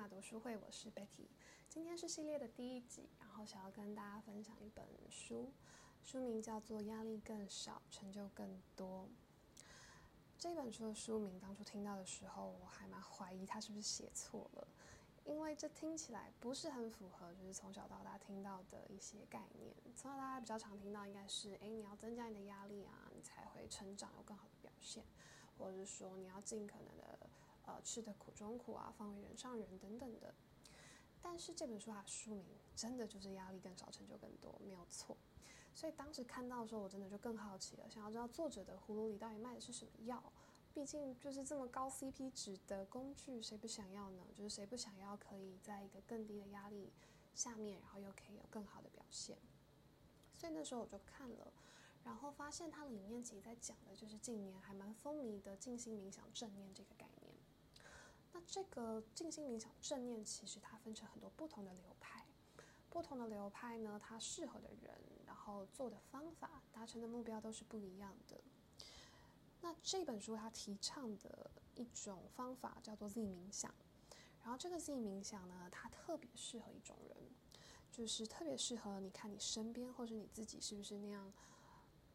大讀書會，我是 Betty，今天是系列的第一集，然後想要跟大家分享一本書，書名叫做《壓力更少，成就更多》。這本書的書名當初聽到的時候，我還蠻懷疑它是不是寫錯了，因為這聽起來不是很符合，就是從小到大聽到的一些概念。從小到大比較常聽到應該是，誒，你要增加你的壓力啊，你才會成長，有更好的表現，或者是說你要盡可能的。吃的苦中苦啊，方為人上人等等的。但是這本書啊，書名真的就是“壓力更少，成就更多”，沒有錯。所以當時看到的時候，我真的就更好奇了，想要知道作者的葫蘆裡到底賣的是什麼藥。畢竟就是這麼高 CP 值的工具，誰不想要呢？就是誰不想要可以在一個更低的壓力下面，然後又可以有更好的表現？所以那時候我就看了，然後發現它裡面其實在講的就是近年還蠻風靡的靜心冥想、正念這個概念。這個靜心冥想正念，其實它分成很多不同的流派，不同的流派呢，它適合的人，然後做的方法，達成的目標都是不一樣的。那這本書它提倡的一種方法叫做 Z 冥想，然後這個 Z 冥想呢，它特別適合一種人，就是特別適合你看你身邊或者你自己是不是那樣，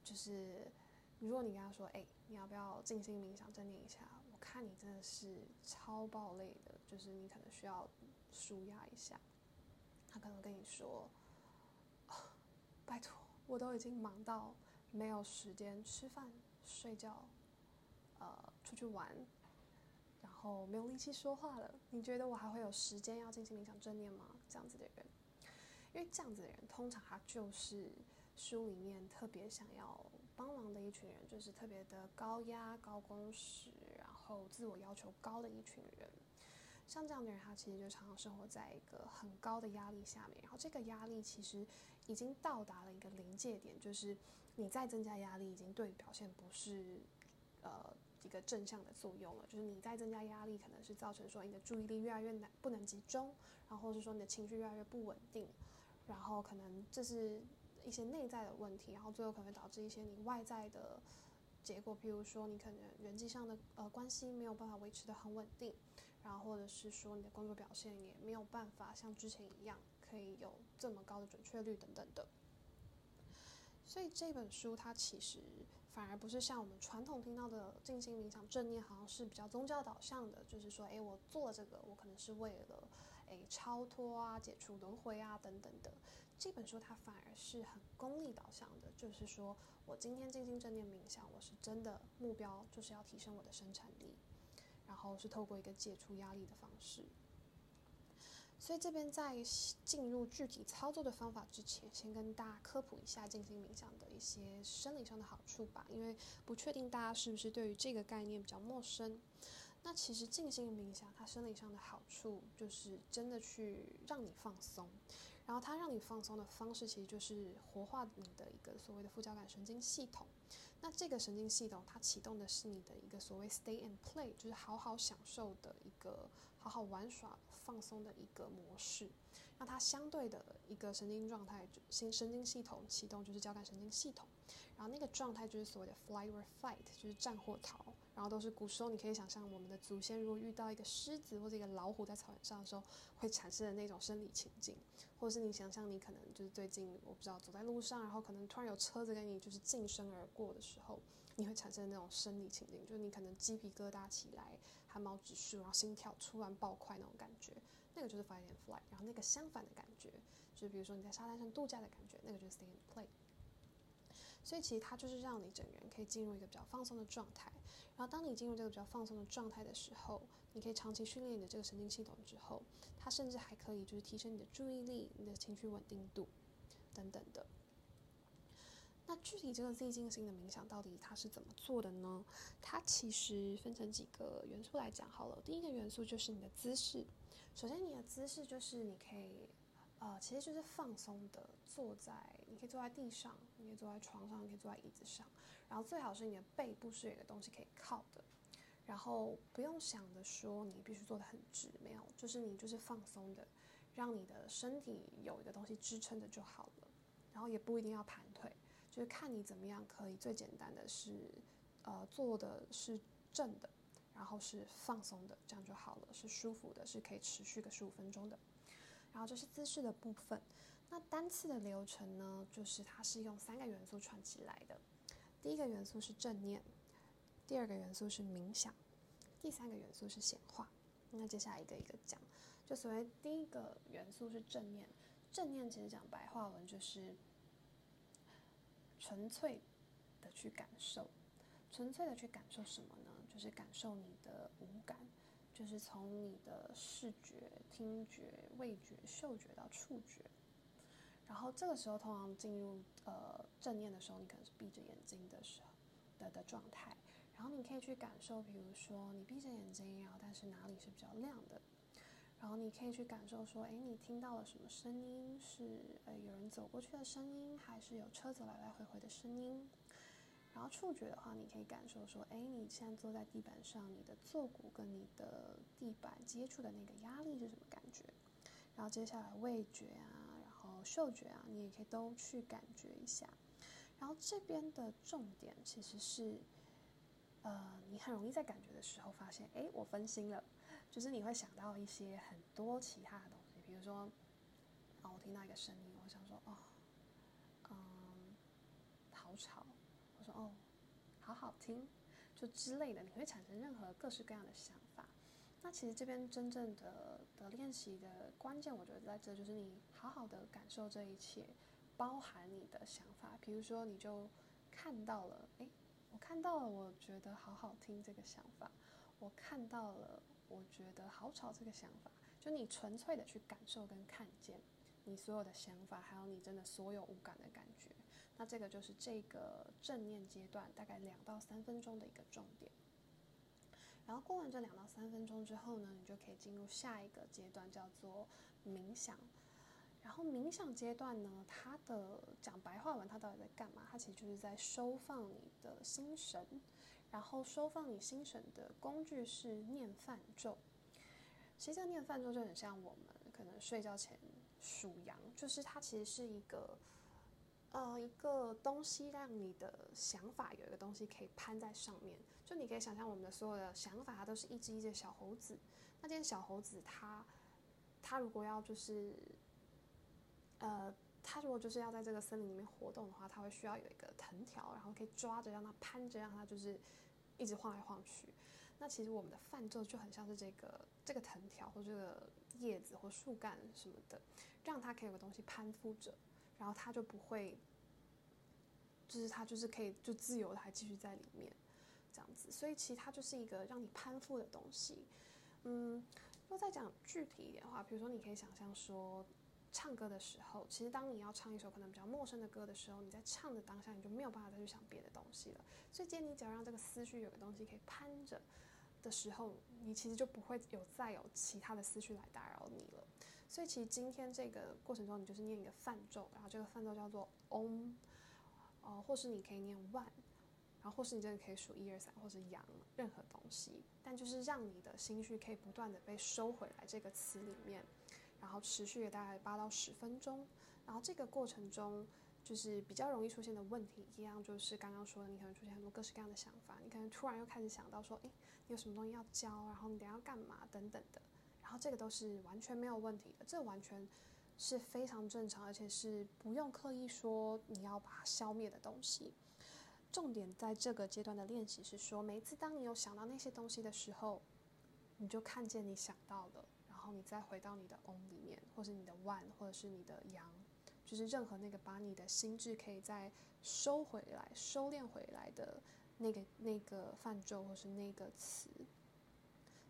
就是如果你跟他說，哎、欸，你要不要靜心冥想正念一下？看你真的是超爆累的，就是你可能需要舒壓一下。他可能跟你說：“呃、拜託，我都已經忙到沒有時間吃飯、睡覺，呃，出去玩，然後沒有力氣說話了。你覺得我還會有時間要進行冥想正念嗎？”這樣子的人，因為這樣子的人通常他就是書裡面特別想要幫忙的一群人，就是特別的高壓、高工時。後自我要求高的一群人，像這樣的人，他其實就常常生活在一個很高的壓力下面。然後這個壓力其實已經到達了一個臨界點，就是你再增加壓力，已經對表現不是呃一個正向的作用了。就是你再增加壓力，可能是造成說你的注意力越來越難不能集中，然後或者說你的情緒越來越不穩定，然後可能這是一些內在的問題，然後最後可能導致一些你外在的。結果，比如說你可能人際上的呃關係沒有辦法維持得很穩定，然後或者是說你的工作表現也沒有辦法像之前一樣可以有這麼高的準確率等等的。所以這本書它其實反而不是像我們傳統聽到的靜心冥想、正念，好像是比較宗教導向的，就是說，誒，我做這個我可能是為了。誒、欸，超脫啊，解除輪迴啊，等等的，這本書它反而是很功利導向的，就是說我今天進行正念冥想，我是真的目標就是要提升我的生產力，然後是透過一個解除壓力的方式。所以這邊在進入具體操作的方法之前，先跟大家科普一下進行冥想的一些生理上的好處吧，因為不確定大家是不是對於這個概念比較陌生。那其實靜心冥想，它生理上的好處就是真的去讓你放鬆，然後它讓你放鬆的方式其實就是活化你的一個所謂的副交感神經系統。那這個神經系統它啟動的是你的一個所謂 stay and play，就是好好享受的一個好好玩耍放鬆的一個模式，讓它相對的一個神經狀態，就心，神經系統啟動就是交感神經系統，然後那個狀態就是所謂的 fight or flight，就是戰或逃。然後都是古時候，你可以想象我們的祖先如果遇到一個獅子或者一個老虎在草原上的時候，會產生的那種生理情境，或者是你想象你可能就是最近我不知道走在路上，然後可能突然有車子跟你就是近身而過的時候，你會產生的那種生理情境，就是你可能雞皮疙瘩起來，汗毛直豎，然後心跳突然爆快那種感覺，那個就是 fight or flight。然後那個相反的感覺，就是比如說你在沙灘上度假的感覺，那個就是 stay and play。所以其實它就是讓你整個人可以進入一個比較放鬆的狀態，然後當你進入這個比較放鬆的狀態的時候，你可以長期訓練你的這個神經系統之後，它甚至還可以就是提升你的注意力、你的情緒穩定度等等的。那具體這個靜心的冥想到底它是怎麼做的呢？它其實分成幾個元素來講好了。第一個元素就是你的姿勢，首先你的姿勢就是你可以，呃，其實就是放鬆的坐在，你可以坐在地上。你可以坐在床上，你可以坐在椅子上，然後最好是你的背部是有一個東西可以靠的，然後不用想着說你必須坐得很直，沒有，就是你就是放鬆的，讓你的身體有一個東西支撐着就好了，然後也不一定要盤腿，就是看你怎麼樣可以最簡單的是，呃，坐的是正的，然後是放鬆的，這樣就好了，是舒服的，是可以持續個十五分鐘的，然後這是姿勢的部分。那單次的流程呢，就是它是用三個元素串起來的。第一個元素是正念，第二個元素是冥想，第三個元素是顯化。那接下來一個一個講，就所謂第一個元素是正念。正念其實講白話文就是純粹的去感受，純粹的去感受什麼呢？就是感受你的五感，就是從你的視覺、聽覺、味覺、嗅覺到觸覺。然後這個時候，通常進入呃正念的時候，你可能是閉着眼睛的時候的的狀態。然後你可以去感受，比如說你閉着眼睛，然後但是哪裡是比較亮的。然後你可以去感受說，哎，你聽到了什麼聲音？是呃有人走過去的聲音，還是有車子來來回回的聲音？然後觸覺的話，你可以感受說，哎，你現在坐在地板上，你的坐骨跟你的地板接觸的那個壓力是什麼感覺？然後接下來味覺啊。嗅覺啊，你也可以都去感覺一下。然後這邊的重點其實是，呃，你很容易在感覺的時候發現，哎，我分心了，就是你會想到一些很多其他的東西，比如說，啊、哦，我聽到一個聲音，我想說，哦，嗯，好吵，我說，哦，好好聽，就之類的，你會產生任何各式各樣的想法。那其實這邊真正的的練習的關鍵，我覺得在這，就是你好好的感受這一切，包含你的想法，比如說你就看到了，哎、欸，我看到了，我覺得好好聽這個想法，我看到了，我覺得好吵這個想法，就你純粹的去感受跟看見你所有的想法，還有你真的所有五感的感覺，那這個就是這個正念階段大概兩到三分鐘的一個重點。然後過完這兩到三分鐘之後呢，你就可以進入下一個階段，叫做冥想。然後冥想階段呢，它的講白話文，它到底在幹嘛？它其實就是在收放你的心神。然後收放你心神的工具是念梵咒。其實這個念梵咒就很像我們可能睡覺前數羊，就是它其實是一個。呃，一個東西讓你的想法有一個東西可以攀在上面，就你可以想象我們的所有的想法，它都是一隻一隻小猴子。那這些小猴子，它，它如果要就是，呃，它如果就是要在這個森林裡面活動的話，它會需要有一個藤條，然後可以抓着讓它攀着，讓它就是一直晃來晃去。那其實我們的梵咒就很像是這個這個藤條或這個葉子或樹幹什麼的，讓它可以有個東西攀附着。然後他就不會，就是他就是可以就自由的還繼續在裡面，這樣子。所以其實它就是一個讓你攀附的東西。嗯，如果再講具體一點的話，比如說你可以想象說，唱歌的時候，其實當你要唱一首可能比較陌生的歌的時候，你在唱的當下，你就沒有辦法再去想別的東西了。所以今天你只要讓這個思緒有個東西可以攀着的時候，你其實就不會有再有其他的思緒來打擾你了。所以其實今天這個過程中，你就是念一個梵咒，然後這個梵咒叫做 om，呃，或是你可以念 one 然後或是你真的可以數一、二、三，或者揚任何東西，但就是讓你的心緒可以不斷的被收回來這個詞裡面，然後持續大概八到十分鐘，然後這個過程中就是比較容易出現的問題一樣，就是剛剛說的，你可能出現很多各式各樣的想法，你可能突然又開始想到說，哎，你有什麼東西要教，然後你等下要幹嘛等等的。然後這個都是完全沒有問題的，這完全是非常正常，而且是不用刻意說你要把它消滅的東西。重點在這個階段的練習是說，每一次當你有想到那些東西的時候，你就看見你想到了，然後你再回到你的嗡裡面，或是你的萬，或者是你的羊，就是任何那個把你的心智可以再收回來、收斂回來的那個那個梵咒，或是那個詞。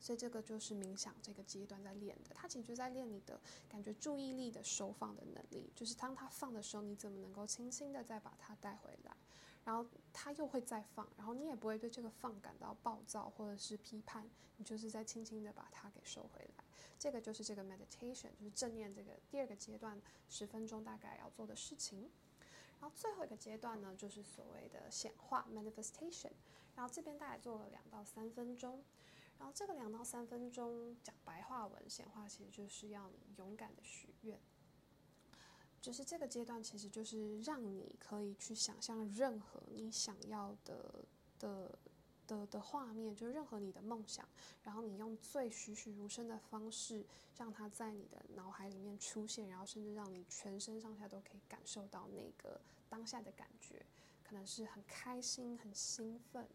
所以這個就是冥想這個階段在練的，它其實就在練你的感覺、注意力的收放的能力。就是當它放的時候，你怎麼能夠輕輕的再把它帶回來？然後它又會再放，然後你也不會對這個放感到暴躁或者是批判，你就是在輕輕的把它給收回來。這個就是這個 meditation，就是正念這個第二個階段十分鐘大概要做的事情。然後最後一個階段呢，就是所謂的顯化 （manifestation），然後這邊大概做了兩到三分鐘。然後這個兩到三分鐘，講白話文顯化，其實就是要你勇敢的許願，就是這個階段，其實就是讓你可以去想象任何你想要的的的的的畫面，就是任何你的夢想，然後你用最栩栩如生的方式，讓它在你的腦海裡面出現，然後甚至讓你全身上下都可以感受到那個當下的感覺，可能是很開心、很興奮。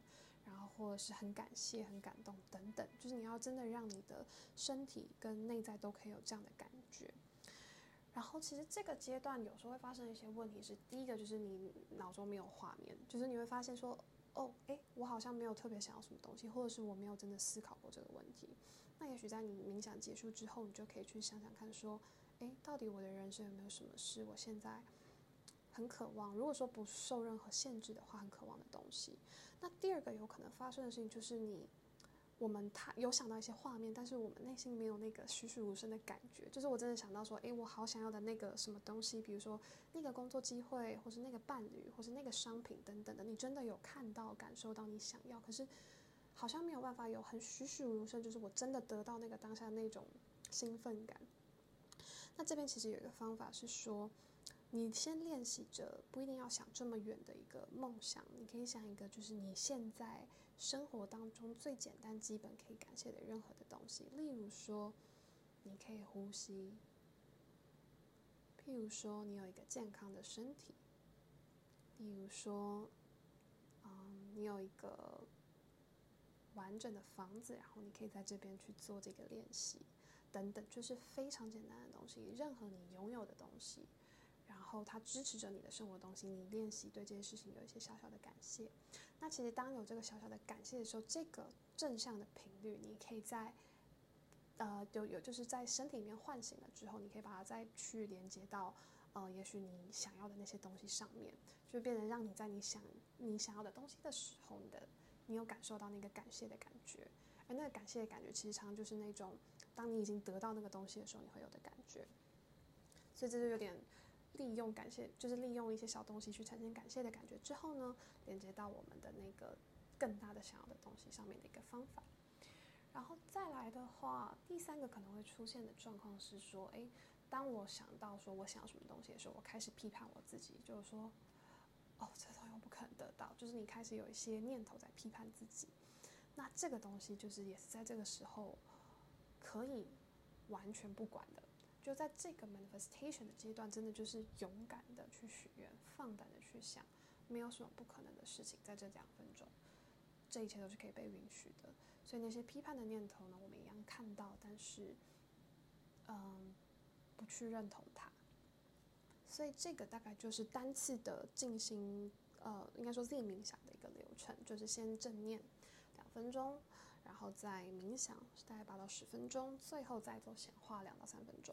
然後或者是很感謝、很感動等等，就是你要真的讓你的身體跟內在都可以有這樣的感覺。然後其實這個階段有時候會發生一些問題，是第一個就是你腦中沒有畫面，就是你會發現說，哦，誒，我好像沒有特別想要什麼東西，或者是我沒有真的思考過這個問題。那也許在你冥想結束之後，你就可以去想想看，說，誒，到底我的人生有沒有什麼事，我現在。很渴望，如果說不受任何限制的話，很渴望的東西。那第二個有可能發生的事情就是你，你我們他有想到一些畫面，但是我們內心沒有那個栩栩如生的感覺。就是我真的想到說，誒，我好想要的那個什麼東西，比如說那個工作機會，或是那個伴侶，或是那個商品等等的，你真的有看到、感受到你想要，可是好像沒有辦法有很栩栩如生，就是我真的得到那個當下的那種興奮感。那這邊其實有一個方法是說。你先練習着，不一定要想這麼遠的一個夢想，你可以想一個，就是你現在生活當中最簡單、基本可以感謝的任何的東西。例如說，你可以呼吸，譬如說，你有一個健康的身體，例如說，嗯，你有一個完整的房子，然後你可以在這邊去做這個練習，等等，就是非常簡單的東西，任何你擁有的東西。然後，它支持着你的生活的東西。你練習對這件事情有一些小小的感謝。那其實當有這個小小的感謝的時候，這個正向的頻率，你可以在，呃，就有，有就是在身體裡面喚醒了之後，你可以把它再去連接到，呃，也許你想要的那些東西上面，就變成讓你在你想你想要的東西的時候，你的你有感受到那個感謝的感覺。而那個感謝的感覺，其實常常就是那種，當你已經得到那個東西的時候，你會有的感覺。所以這就有點。利用感謝就是利用一些小東西去產生感謝的感覺，之後呢，連接到我們的那個更大的想要的東西上面的一個方法。然後再來的話，第三個可能會出現的狀況是說，哎，當我想到說我想要什麼東西的時候，我開始批判我自己，就是說，哦，這東西我不可能得到，就是你開始有一些念頭在批判自己。那這個東西就是也是在這個時候可以完全不管的。就在這個 manifestation 的階段，真的就是勇敢的去許願，放膽的去想，沒有什麼不可能的事情。在這兩分鐘，這一切都是可以被允許的。所以那些批判的念頭呢，我們一樣看到，但是，嗯，不去認同它。所以這個大概就是單次的進行，呃，應該說 Zen 冥想的一個流程，就是先正念兩分鐘。然後再冥想是大概八到十分鐘，最後再做顯化兩到三分鐘。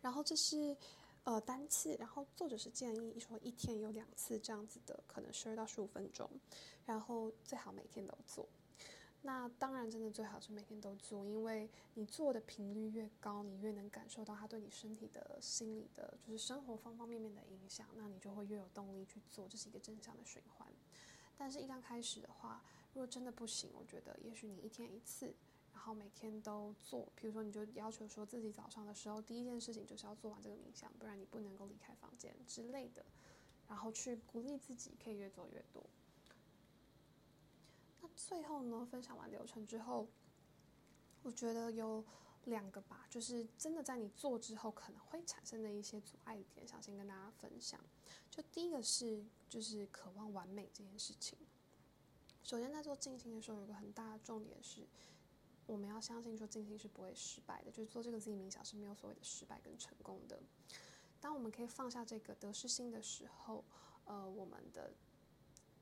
然後這是呃單次，然後作者是建議一說一天有兩次這樣子的，可能十二到十五分鐘，然後最好每天都做。那當然真的最好是每天都做，因為你做的頻率越高，你越能感受到它對你身體的、心理的，就是生活方方面面的影響，那你就會越有動力去做，這是一個正向的循環。但是一剛開始的話。如果真的不行，我覺得也許你一天一次，然後每天都做。比如說，你就要求說自己早上的時候第一件事情就是要做完這個冥想，不然你不能夠離開房間之類的。然後去鼓勵自己，可以越做越多。那最後呢，分享完流程之後，我覺得有兩個吧，就是真的在你做之後可能會產生的一些阻礙點，想先跟大家分享。就第一個是，就是渴望完美這件事情。首先，在做靜心的時候，有一個很大的重點是，我們要相信說靜心是不會失敗的。就是做這個自己冥想是沒有所謂的失敗跟成功的。當我們可以放下這個得失心的時候，呃，我們的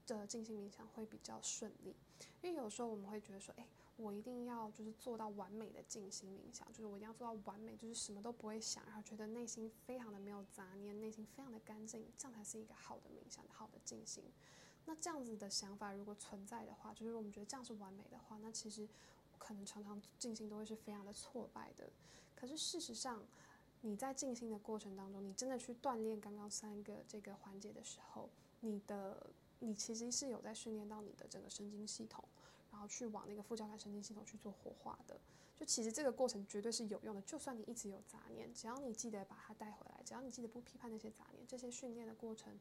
的靜心冥想會比較順利。因為有時候我們會覺得說，哎、欸，我一定要就是做到完美的靜心冥想，就是我一定要做到完美，就是什麼都不會想，然後覺得內心非常的沒有雜念，內心非常的乾淨，這樣才是一個好的冥想，好的靜心。那這樣子的想法如果存在的話，就是我們覺得這樣是完美的話，那其實可能常常靜心都會是非常的挫敗的。可是事實上，你在靜心的過程當中，你真的去鍛鍊剛剛三個這個環節的時候，你的，你其實是有在訓練到你的整個神經系統，然後去往那個副交感神經系統去做活化的。就其實這個過程絕對是有用的，就算你一直有雜念，只要你記得把它帶回來，只要你記得不批判那些雜念，這些訓練的過程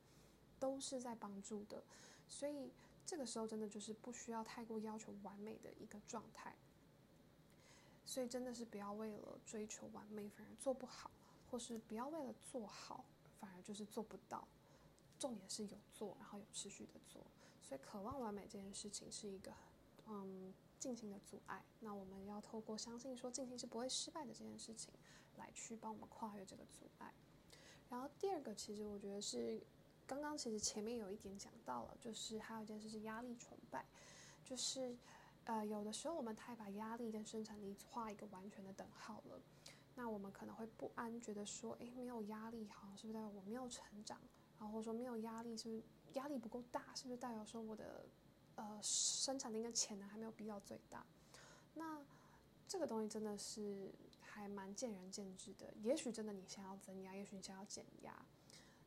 都是在幫助的，所以這個時候真的就是不需要太過要求完美的一個狀態。所以真的是不要為了追求完美反而做不好，或是不要為了做好反而就是做不到。重點是有做，然後有持續的做。所以渴望完美這件事情是一個，嗯，進行的阻礙。那我們要透過相信說進行是不會失敗的這件事情，來去幫我們跨越這個阻礙。然後第二個，其實我覺得是。剛剛其實前面有一點講到了，就是還有一件事是壓力崇拜，就是呃有的時候我們太把壓力跟生產力畫一個完全的等號了，那我們可能會不安，覺得說誒，沒有壓力好像是不是代表我沒有成長，然後說沒有壓力是不是壓力不夠大，是不是代表說我的呃生產力跟潛能還沒有逼到最大？那這個東西真的是還蠻見仁見智的，也許真的你想要增壓，也許你想要減壓。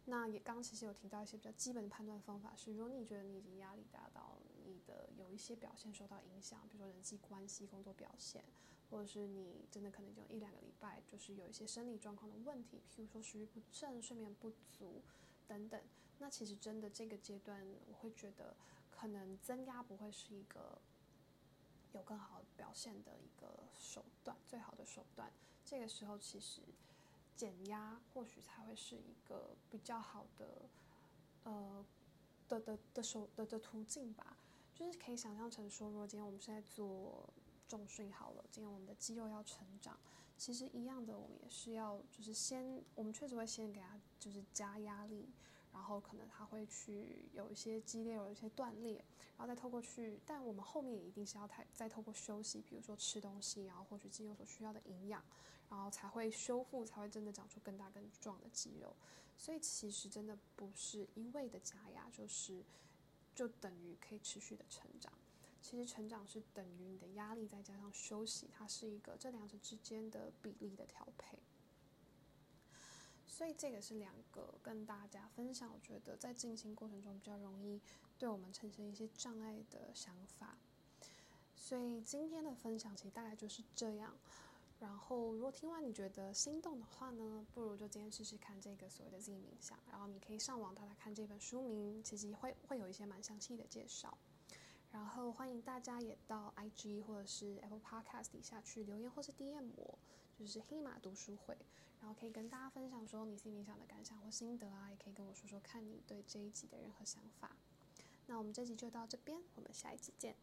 那也剛,剛其實有提到一些比較基本的判斷方法，是如果你覺得你已經壓力大到，你的有一些表現受到影響，比如說人際關係、工作表現，或者是你真的可能就一兩個禮拜，就是有一些生理狀況的問題，譬如說食欲不振、睡眠不足等等。那其實真的這個階段，我會覺得可能增壓不會是一個有更好表現的一個手段，最好的手段。這個時候其實。減壓或許才會是一個比較好的，呃，的的的手的的途徑吧。就是可以想象成說，如果今天我們是在做重訓好了，今天我們的肌肉要成長，其實一樣的，我們也是要就是先，我們確實會先給他就是加壓力，然後可能他會去有一些肌裂，有一些斷裂，然後再透過去，但我們後面也一定是要太再透過休息，比如說吃東西，然後獲取肌肉所需要的營養，然後才會修復，才會真的長出更大更壯的肌肉。所以其實真的不是一味的加壓，就是就等於可以持續的成長。其實成長是等於你的壓力再加上休息，它是一個這兩者之間的比例的調配。所以這個是兩個跟大家分享，我覺得在進行過程中比較容易對我們產生一些障礙的想法。所以今天的分享其實大概就是這樣。然後，如果聽完你覺得心動的話呢，不如就今天試試看這個所謂的自己冥想。然後你可以上網打打看這本書名，其實會會有一些蠻詳細的介紹。然後歡迎大家也到 IG 或者是 Apple Podcast 底下去留言或是 DM 我，就是黑馬讀書會。然後可以跟大家分享說你自己冥想的感想或心得啊，也可以跟我說說看你對這一集的任何想法。那我們這集就到這邊，我們下一集見。